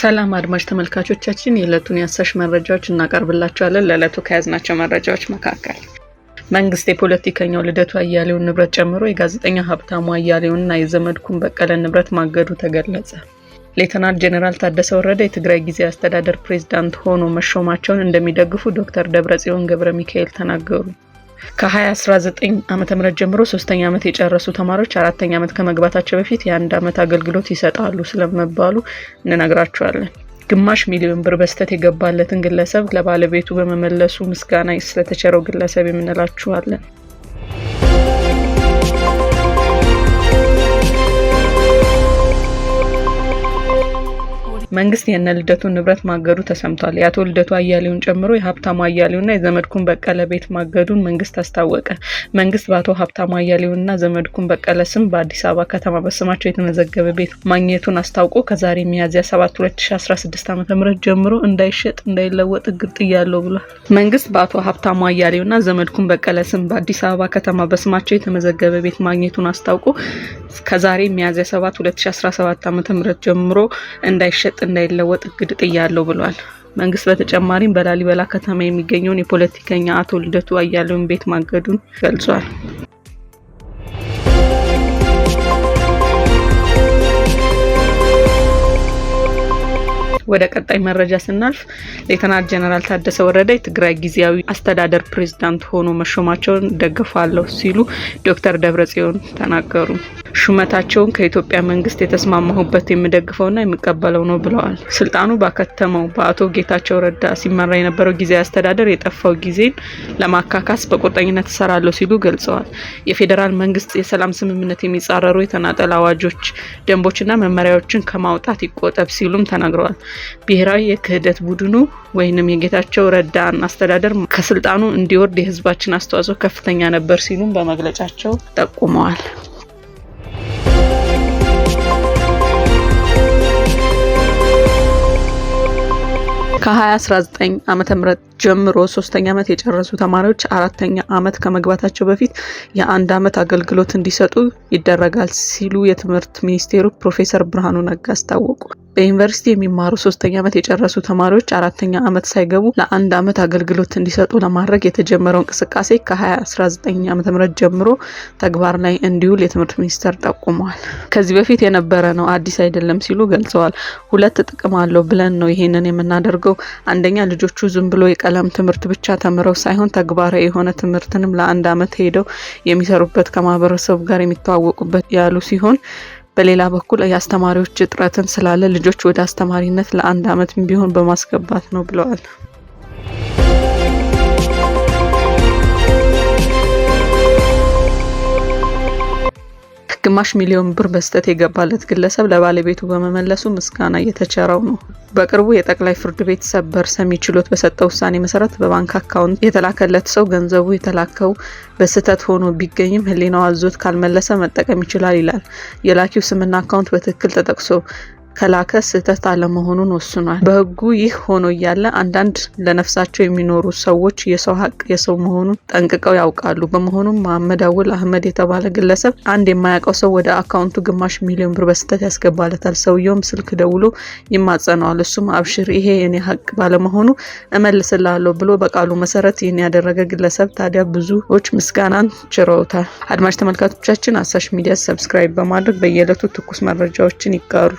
ሰላም አድማጭ ተመልካቾቻችን የዕለቱን የአሳሽ መረጃዎች እናቀርብላቸዋለን። ለዕለቱ ከያዝናቸው መረጃዎች መካከል መንግስት የፖለቲከኛው ልደቱ አያሌውን ንብረት ጨምሮ የጋዜጠኛ ሀብታሙ አያሌውንና የዘመድኩን በቀለ ንብረት ማገዱ ተገለጸ። ሌተናል ጄኔራል ታደሰ ወረደ የትግራይ ጊዜ አስተዳደር ፕሬዝዳንት ሆኖ መሾማቸውን እንደሚደግፉ ዶክተር ደብረጽዮን ገብረ ሚካኤል ተናገሩ። ከ2019 ዓ ም ጀምሮ ሶስተኛ ዓመት የጨረሱ ተማሪዎች አራተኛ ዓመት ከመግባታቸው በፊት የአንድ ዓመት አገልግሎት ይሰጣሉ ስለመባሉ እንነግራቸዋለን። ግማሽ ሚሊዮን ብር በስተት የገባለትን ግለሰብ ለባለቤቱ በመመለሱ ምስጋና ስለተቸረው ግለሰብ የምንላችኋለን። መንግስት የነ ልደቱን ንብረት ማገዱ ተሰምቷል። የአቶ ልደቱ አያሌውን ጨምሮ የሀብታሙ አያሌውና የዘመድኩን በቀለ ቤት ማገዱን መንግስት አስታወቀ። መንግስት በአቶ ሀብታሙ አያሌውና ዘመድኩን በቀለ ስም በአዲስ አበባ ከተማ በስማቸው የተመዘገበ ቤት ማግኘቱን አስታውቆ ከዛሬ ሚያዝያ 7 2016 ዓ ም ጀምሮ እንዳይሸጥ እንዳይለወጥ እግድ ጥያለሁ ብሏል። መንግስት በአቶ ሀብታሙ አያሌውና ዘመድኩን በቀለ ስም በአዲስ አበባ ከተማ በስማቸው የተመዘገበ ቤት ማግኘቱን አስታውቆ ከዛሬ ሚያዝያ 7 2017 ዓ ም ጀምሮ እንዳይሸጥ እንዳይለወጥ እግድ ጥያለሁ ብሏል። መንግስት በተጨማሪም በላሊበላ ከተማ የሚገኘውን የፖለቲከኛ አቶ ልደቱ አያሌውን ቤት ማገዱን ገልጿል። ወደ ቀጣይ መረጃ ስናልፍ ሌተናንት ጀነራል ታደሰ ወረደ የትግራይ ጊዜያዊ አስተዳደር ፕሬዝዳንት ሆኖ መሾማቸውን ደግፋለሁ ሲሉ ዶክተር ደብረጽዮን ተናገሩ። ሹመታቸውን ከኢትዮጵያ መንግስት የተስማማሁበት የምደግፈውና የምቀበለው ነው ብለዋል። ስልጣኑ ባከተመው በአቶ ጌታቸው ረዳ ሲመራ የነበረው ጊዜያዊ አስተዳደር የጠፋው ጊዜን ለማካካስ በቁርጠኝነት እሰራለሁ ሲሉ ገልጸዋል። የፌዴራል መንግስት የሰላም ስምምነት የሚጻረሩ የተናጠል አዋጆች፣ ደንቦችና መመሪያዎችን ከማውጣት ይቆጠብ ሲሉም ተናግረዋል። ብሔራዊ የክህደት ቡድኑ ወይንም የጌታቸው ረዳን አስተዳደር ከስልጣኑ እንዲወርድ የህዝባችን አስተዋጽኦ ከፍተኛ ነበር ሲሉም በመግለጫቸው ጠቁመዋል። ከ2019 ዓ.ም ጀምሮ ሶስተኛ ዓመት የጨረሱ ተማሪዎች አራተኛ ዓመት ከመግባታቸው በፊት የአንድ ዓመት አገልግሎት እንዲሰጡ ይደረጋል ሲሉ የትምህርት ሚኒስቴሩ ፕሮፌሰር ብርሃኑ ነጋ አስታወቁ። በዩኒቨርሲቲ የሚማሩ ሶስተኛ ዓመት የጨረሱ ተማሪዎች አራተኛ ዓመት ሳይገቡ ለአንድ ዓመት አገልግሎት እንዲሰጡ ለማድረግ የተጀመረው እንቅስቃሴ ከ2019 ዓ ም ጀምሮ ተግባር ላይ እንዲውል የትምህርት ሚኒስቴር ጠቁመዋል። ከዚህ በፊት የነበረ ነው፣ አዲስ አይደለም ሲሉ ገልጸዋል። ሁለት ጥቅም አለው ብለን ነው ይሄንን የምናደርገው። አንደኛ ልጆቹ ዝም ብሎ የቀ የዓለም ትምህርት ብቻ ተምረው ሳይሆን ተግባራዊ የሆነ ትምህርትንም ለአንድ ዓመት ሄደው የሚሰሩበት ከማህበረሰቡ ጋር የሚተዋወቁበት ያሉ ሲሆን በሌላ በኩል የአስተማሪዎች እጥረትን ስላለ ልጆች ወደ አስተማሪነት ለአንድ አመት ቢሆን በማስገባት ነው ብለዋል። ግማሽ ሚሊዮን ብር በስተት የገባለት ግለሰብ ለባለቤቱ በመመለሱ ምስጋና እየተቸረው ነው። በቅርቡ የጠቅላይ ፍርድ ቤት ሰበር ሰሚ ችሎት በሰጠው ውሳኔ መሰረት በባንክ አካውንት የተላከለት ሰው ገንዘቡ የተላከው በስህተት ሆኖ ቢገኝም ሕሊናው አዞት ካልመለሰ መጠቀም ይችላል ይላል። የላኪው ስምና አካውንት በትክክል ተጠቅሶ ከላከ ስህተት አለመሆኑን ወስኗል። በህጉ ይህ ሆኖ እያለ አንዳንድ ለነፍሳቸው የሚኖሩ ሰዎች የሰው ሀቅ የሰው መሆኑን ጠንቅቀው ያውቃሉ። በመሆኑም መሐመድ አውል አህመድ የተባለ ግለሰብ አንድ የማያውቀው ሰው ወደ አካውንቱ ግማሽ ሚሊዮን ብር በስህተት ያስገባለታል። ሰውየውም ስልክ ደውሎ ይማጸነዋል። እሱም አብሽር ይሄ የኔ ሀቅ ባለመሆኑ እመልስላለሁ ብሎ በቃሉ መሰረት ይህን ያደረገ ግለሰብ ታዲያ ብዙዎች ምስጋናን ችረውታል። አድማጭ ተመልካቾቻችን አሳሽ ሚዲያ ሰብስክራይብ በማድረግ በየዕለቱ ትኩስ መረጃዎችን ይጋሩ።